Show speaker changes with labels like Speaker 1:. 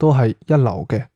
Speaker 1: 都係一流嘅。